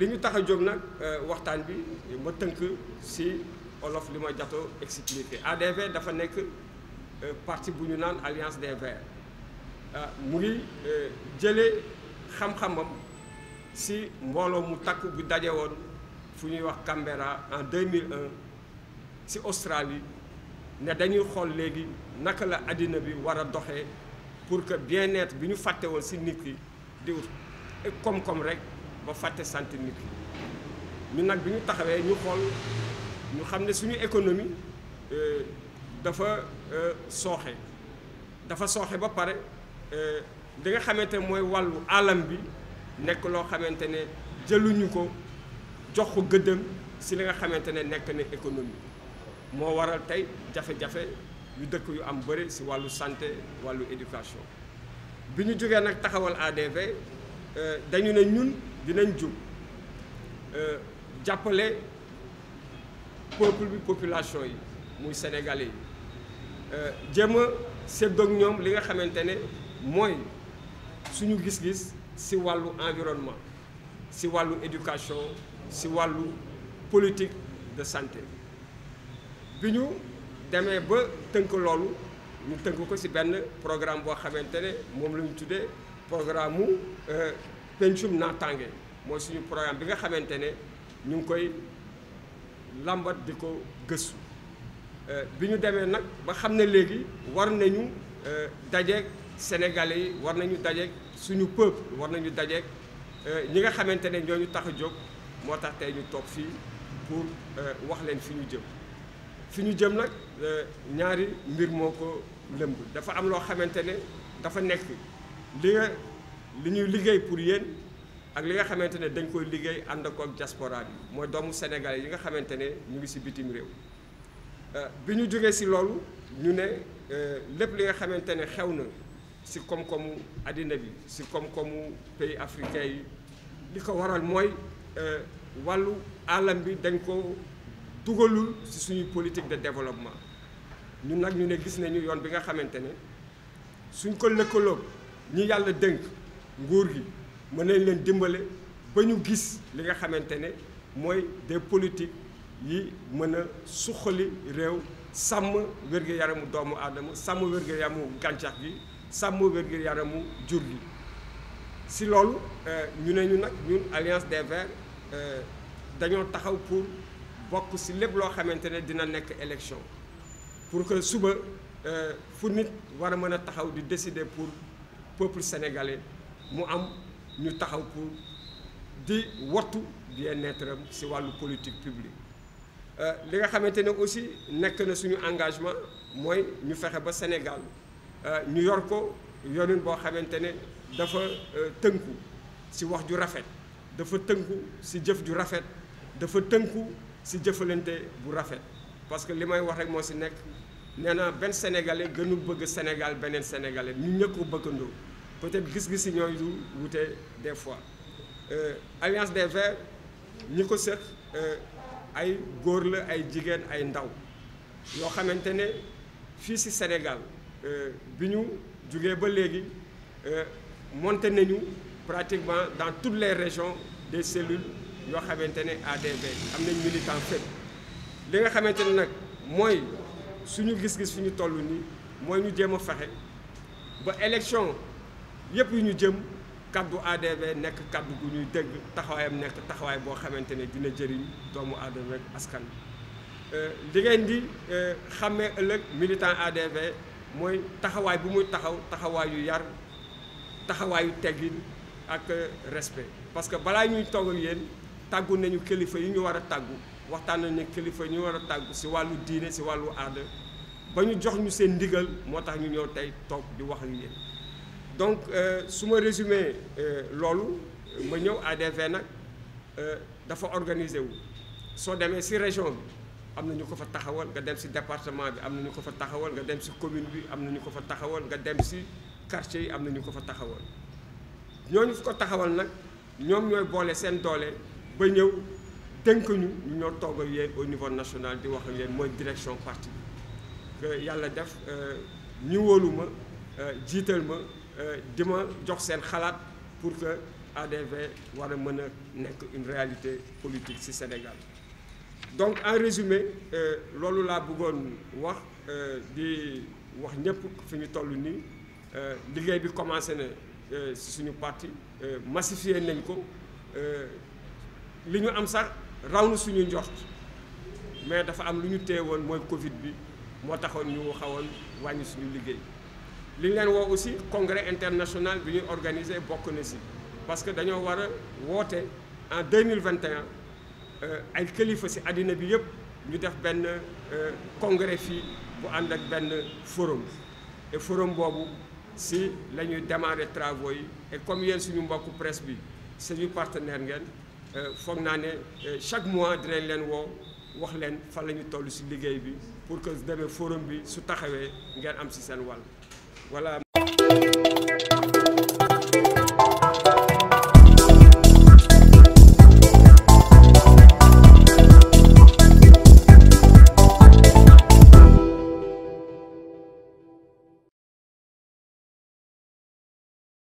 li ñu tax a jóg nag euh, waxtaan bi ma tënk si olof li ma jatoo expliqué ADV dafa nekk euh, parti bu ñu naan Alliance des Verts euh, mu ngi jëlee xam-xamam si mbooloo mu takk bu daje woon fu ñuy wax Canberra en 2001 si Australie ne dañuy xool léegi naka la àddina bi war a doxee pour que bien-être bi ñu fàtte woon si nit ki di ut comme comme rek ba fàtte santé nit ñun nag bi ñu taxawee ñu xool ñu xam ne suñu économie euh, dafa euh, sooxe dafa sooxe ba pare euh, li nga xamante ne mooy wàllu alam bi nekk loo xamante ne jëluñu ko jox ko gëddëm si li nga xamante ne nekk na économie moo waral tey jafe-jafe yu dëkk yu am bëri si wàllu santé wàllu éducation bi ñu jógee nag taxawal ADV dañu ne ñun. dinañ jub euh, jàppale peuple bi population yi muy sénégalais yi euh, jéem a séddoog ñoom li nga xamante ne mooy suñu gis-gis si wàllu environnement si wàllu éducation si wàllu politique de santé bi ñu demee ba tënk loolu ñu tënk ko si benn programme boo xamante ne moom la tuddee programme mu euh, pencum tàngee mooy suñu programme bi nga xamante ne ñu ngi koy làmbat di ko gëstu euh, bi ñu demee nag ba xam ne léegi war nañu euh, dajeeg sénégalais yi war nañu dajeeg suñu peuple war nañu dajeeg euh, ñi nga xamante ne ñooñu tax jóg moo tax tey ñu toog fii pour wax leen fi ñu jëm fi ñu jëm nag ñaari mbir moo ko lëmb dafa am loo xamante ne dafa nekk li li ñuy liggéey pour yéen ak li nga xamante ne dañ koy liggéey ànd ak ak bi mooy doomu Sénégal yi nga xamante ne ñu ngi si bitim réew euh, bi ñu jógee si loolu ñu ne euh, lépp li nga xamante ne xew na si koom-koomu àddina bi si koom-koomu pays africain yi li ko waral mooy euh, wàllu alam bi dañ ko dugalul si suñuy politique de développement ñun nag ñu ne gis nañu yoon bi nga xamante ne suñ ko lëkkaloo ñi yàlla dënk nguur gi mën nañ leen dimbale ba ñu gis li nga xamante ne mooy des politiques yi mën a suqali réew sàmm wér yaramu doomu aadama sàmm wér-gu-yaramu gàncax gi sàmm wér-gu-yaramu jur gi si loolu euh, ñu ne ñu nag ñun Alliance des Verts euh, dañoo taxaw pour bokk si lépp loo xamante ne dina nekk élection pour que suba euh, fu nit war a mën a taxaw di décider pour peuple sénégalais mu am ñu taxaw pour di wattu bien-être si wàllu politique publique euh, li nga xamante ne aussi nekk na suñu engagement mooy ñu fexe ba Sénégal euh, ñu yor ko yorin boo xamante ne dafa euh, tënku si wax ju rafet dafa tënku si jëf ju rafet dafa tënku si jëfalante bu rafet parce que li may wax rek moo si nekk nee na benn sénégalais gënu bëgg Sénégal beneen sénégalais ñu ñëpp ko bëggandoo peut-être gis-gis yi ñooy du wute des fois euh, alliance des verts ñi ko sëq euh, ay góor la ay jigéen ay ndaw yoo xamante ne fii ci Sénégal euh, bi ñu jugee ba léegi moonte nañu pratiquement dans toutes les régions des cellules yoo xamante ne ADV am nañ militant fépp li nga xamante ne nag mooy suñu gis-gis fi ñu toll nii mooy ñu jéem a fexe ba élection yëpp yu ñu jëm kaddu ADB nekk kàddu gu ñuy dégg taxawaayam nekk taxawaay boo xamante ne dina jëriñ doomu ADB ak askan euh, li ngeen di euh, xàmmee ëllëg militant ADB mooy taxawaay bu muy taxaw yu yar taxawaayu teggin ak euh, respect parce que balaa ñuy togg ak yéen tàggu nañu kilifa yi ñu war a tàggu waxtaan nañu kilifa yi ñu war a tàggu si wàllu diine si wàllu aada ba ñu jox ñu seen ndigal moo tax ñu ñëw tey toog di wax ak yéen donc euh, su ma résumé euh, loolu ma ñëw ADV nag euh, dafa organisé wu soo demee si région bi am na ñu ko fa taxawal nga dem si département bi am na ñu ko fa taxawal nga dem si commune bi am na ñu ko fa taxawal nga dem si quartier yi am na ñu ko fa taxawal ñooñu ko taxawal nag ñoom ñooy boole seen doole ba ñëw tënk ñu ñoo toog ak yéen au niveau national di wax ak yéen mooy direction parti bi yàlla def ñu wóolu ma jiital ma. Euh, di ma jox seen xalaat pour que ADV war a mën a nekk une réalité politique ci Sénégal donc en résumé euh, loolu laa bëggoon wax euh, di wax ñëpp fi ñu toll nii liggéey bi commencé na ci suñu parti massifié nañ ko li ñu am sax raw na suñu njort mais dafa am lu ñu téye woon mooy Covid bi moo taxoon ñu xawoon wàññi suñu liggéey. li leen woo aussi congrès international bi ñu organisé bokk na si parce que dañoo war a woote en 2021 euh, ay kilifa si àddina bi yëpp ñu def benn euh, congrès fii bu ànd ak benn forum te forum boobu si la ñuy démarrer travaux yi et comme yéen suñu mbokku presse bi suñu partenaire ngeen euh, foog naa ne chaque mois dinañ leen woo wax leen fan la ñu toll si liggéey bi pour que demee forum bi su taxawee ngeen am si seen wàll voilà